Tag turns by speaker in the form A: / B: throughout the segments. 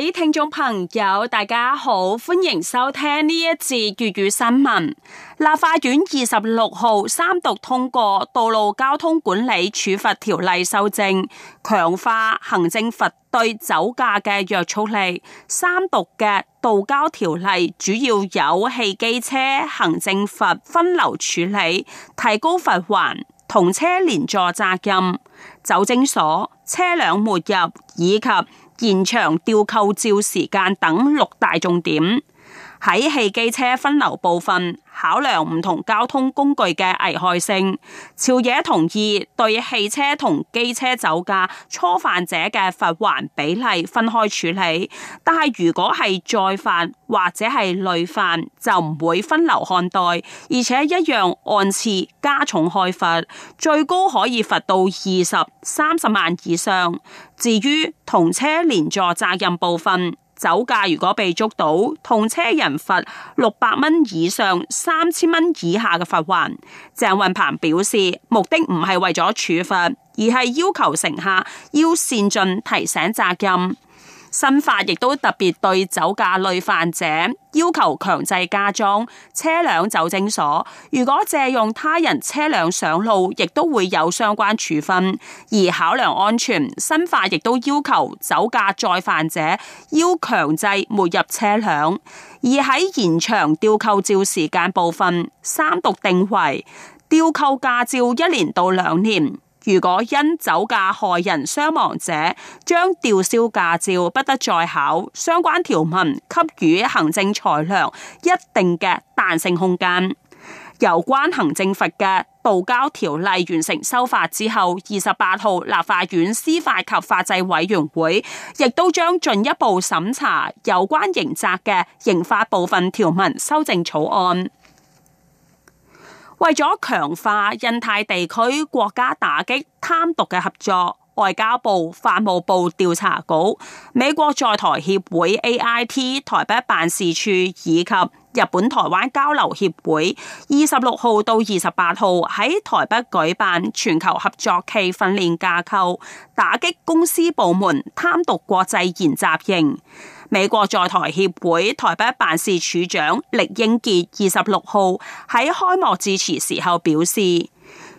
A: 各位聽眾朋友，大家好，歡迎收聽呢一節粵語新聞。立法院二十六號三讀通過《道路交通管理處罰條例》修正，強化行政罰對酒駕嘅約束力。三讀嘅道交條例主要有汽機車行政罰分流處理，提高罰鍰同車連坐責任、酒精鎖、車輛沒入以及現場吊扣照時間等六大重點。喺汽機車分流部分，考量唔同交通工具嘅危害性。朝野同意對汽車同機車酒駕初犯者嘅罰鍰比例分開處理，但係如果係再犯或者係累犯就唔會分流看待，而且一樣按次加重開罰，最高可以罰到二十、三十萬以上。至於同車連坐責任部分。酒駕如果被捉到，同車人罰六百蚊以上三千蚊以下嘅罰鍰。鄭運鵬表示，目的唔係為咗處罰，而係要求乘客要善盡提醒責任。新法亦都特別對酒駕累犯者要求強制加裝車輛酒精鎖，如果借用他人車輛上路，亦都會有相關處分。而考量安全，新法亦都要求酒駕再犯者要強制沒入車輛。而喺延長吊扣照時間部分，三讀定為吊扣駕照一年到兩年。如果因酒駕害人傷亡者，將吊銷駕照，不得再考。相關條文給予行政裁量一定嘅彈性空間。有關行政罰嘅道交條例完成修法之後，二十八號立法院司法及法制委員會亦都將進一步審查有關刑責嘅刑法部分條文修正草案。為咗強化印太地區國家打擊貪瀆嘅合作，外交部、法務部調查局、美國在台協會 （AIT） 台北辦事處以及日本台灣交流協會，二十六號到二十八號喺台北舉辦全球合作暨訓練架構打擊公司部門貪瀆國際研習營。美國在台協會台北辦事處長酈英傑二十六號喺開幕致辭時候表示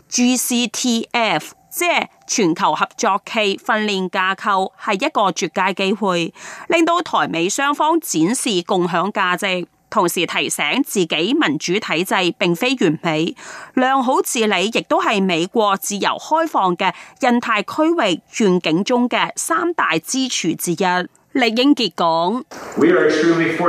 A: ，GCTF 即全球合作暨訓練架構係一個絕佳機會，令到台美雙方展示共享價值，同時提醒自己民主體制並非完美，良好治理亦都係美國自由開放嘅印太區域願景中嘅三大支柱之一。李英傑講：，Taiwan, 酈英傑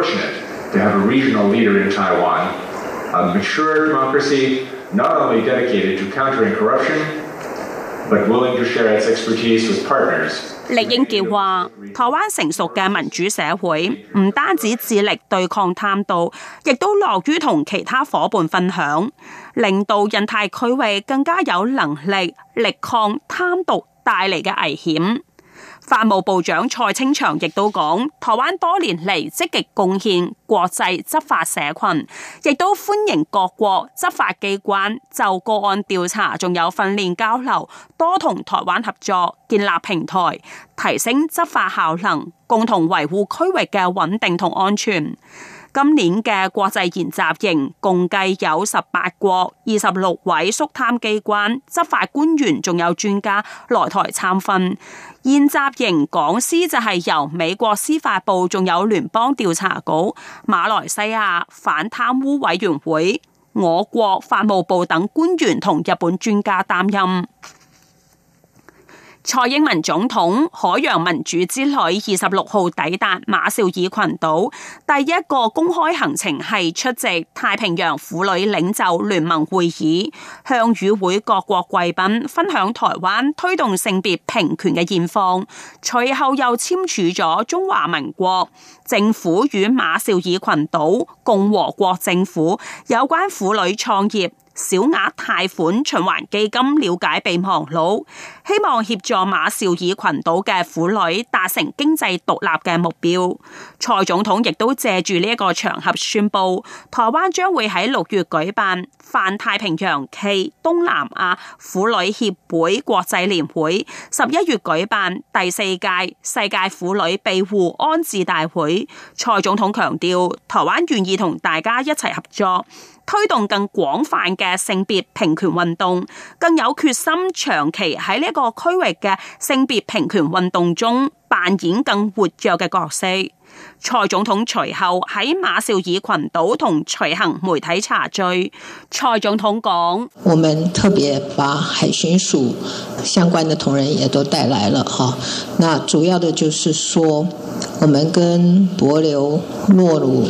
A: 話，台灣成熟嘅民主社會唔單止致力對抗貪瀆，亦都樂於同其他夥伴分享，令到亞太區域更加有能力力抗貪瀆帶嚟嘅危險。法務部長蔡清祥亦都講，台灣多年嚟積極貢獻國際執法社群，亦都歡迎各國執法機關就個案調查，仲有訓練交流，多同台灣合作，建立平台，提升執法效能，共同維護區域嘅穩定同安全。今年嘅國際研習營共計有十八國、二十六位肅貪機關執法官員，仲有專家來台參訓。研習營講師就係由美國司法部，仲有聯邦調查局、馬來西亞反貪污委員會、我國法務部等官員同日本專家擔任。蔡英文總統海洋民主之旅二十六號抵達馬紹爾群島，第一個公開行程係出席太平洋婦女領袖聯盟會議，向與會各國貴賓分享台灣推動性別平權嘅現況，隨後又簽署咗中華民國政府與馬紹爾群島共和國政府有關婦女創業。小額貸款循環基金了解備忘錄，希望協助馬紹爾群島嘅婦女達成經濟獨立嘅目標。蔡總統亦都借住呢一個場合宣布，台灣將會喺六月舉辦泛太平洋暨東南亞婦女協會國際年會，十一月舉辦第四屆世界婦女庇護安置大會。蔡總統強調，台灣願意同大家一齊合作。推動更廣泛嘅性別平權運動，更有決心長期喺呢一個區域嘅性別平權運動中扮演更活躍嘅角色。蔡總統隨後喺馬紹爾群島同隨行媒體茶敍。蔡總統講：我們特別把海巡署相關嘅同仁也都帶來了，哈。那主要的就是說，我們跟帛琉、諾魯。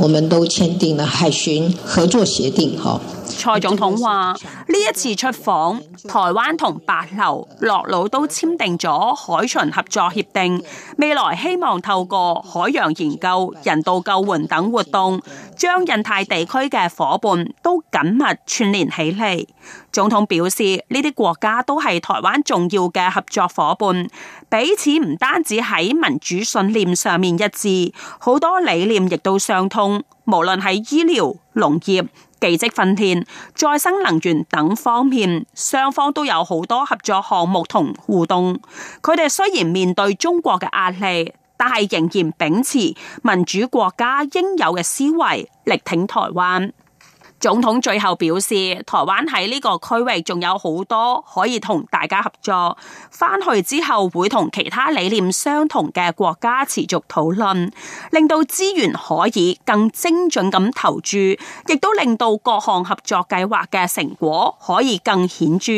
A: 我們都簽訂了海巡合作協定，哈。蔡總統話：呢一次出訪，台灣同帛琉、諾魯都簽訂咗海巡合作協定，未來希望透過海洋研究、人道救援等活動，將印太地區嘅夥伴都緊密串連起嚟。總統表示，呢啲國家都係台灣重要嘅合作夥伴，彼此唔單止喺民主信念上面一致，好多理念亦都相通，無論係醫療、農業、技職訓練、再生能源等方面，雙方都有好多合作項目同互動。佢哋雖然面對中國嘅壓力，但係仍然秉持民主國家應有嘅思維，力挺台灣。總統最後表示，台灣喺呢個區域仲有好多可以同大家合作。翻去之後會同其他理念相同嘅國家持續討論，令到資源可以更精準咁投注，亦都令到各項合作計劃嘅成果可以更顯著。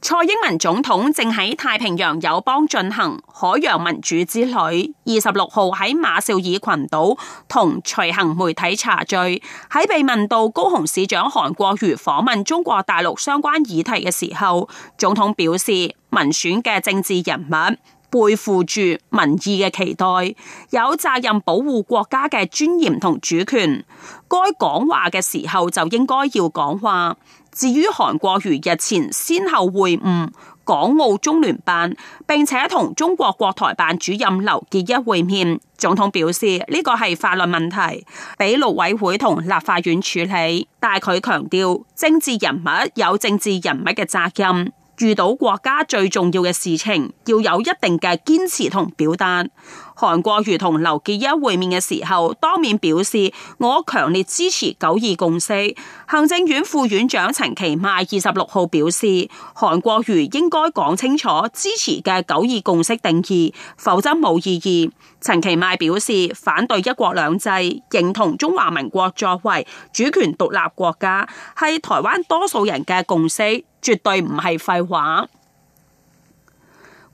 A: 蔡英文總統正喺太平洋友邦進行海洋民主之旅，二十六號喺馬紹爾群島同隨行媒體茶聚。喺被問到高雄市長韓國瑜訪問中國大陸相關議題嘅時候，總統表示，民選嘅政治人物背負住民意嘅期待，有責任保護國家嘅尊嚴同主權。該講話嘅時候就應該要講話。至於韓國瑜日前先後會晤港澳中聯辦，並且同中國國台辦主任劉結一會面，總統表示呢、呢個係法律問題，俾陸委會同立法院處理。但佢強調，政治人物有政治人物嘅責任，遇到國家最重要嘅事情，要有一定嘅堅持同表達。韓國瑜同劉結一會面嘅時候，當面表示我強烈支持九二共識。行政院副院長陳其邁二十六號表示，韓國瑜應該講清楚支持嘅九二共識定義，否則冇意義。陳其邁表示反對一國兩制，認同中華民國作為主權獨立國家係台灣多數人嘅共識，絕對唔係廢話。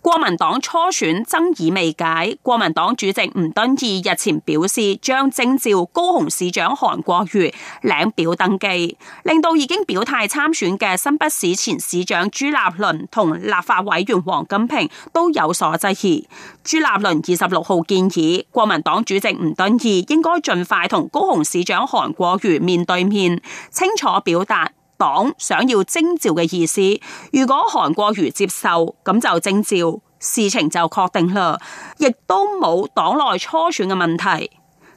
A: 國民黨初選爭議未解，國民黨主席吳敦義日前表示將徵召高雄市長韓國瑜領表登記，令到已經表態參選嘅新北市前市長朱立倫同立法委員王金平都有所質疑。朱立倫二十六號建議國民黨主席吳敦義應該盡快同高雄市長韓國瑜面對面，清楚表達。黨想要徵召嘅意思，如果韓國瑜接受，咁就徵召，事情就確定啦，亦都冇黨內初選嘅問題。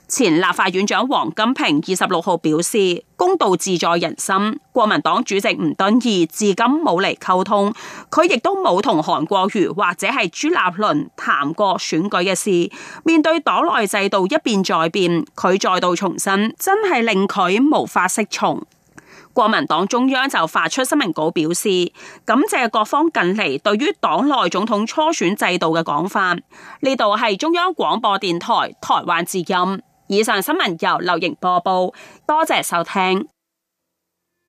A: 前立法院長王金平二十六號表示，公道自在人心。國民黨主席吳敦義至今冇嚟溝通，佢亦都冇同韓國瑜或者係朱立倫談過選舉嘅事。面對黨內制度一變再變，佢再度重申，真係令佢無法適從。國民黨中央就發出新聞稿，表示感謝各方近嚟對於黨內總統初選制度嘅講法。呢度係中央廣播電台台灣之音。以上新聞由劉瑩播報，多謝收聽。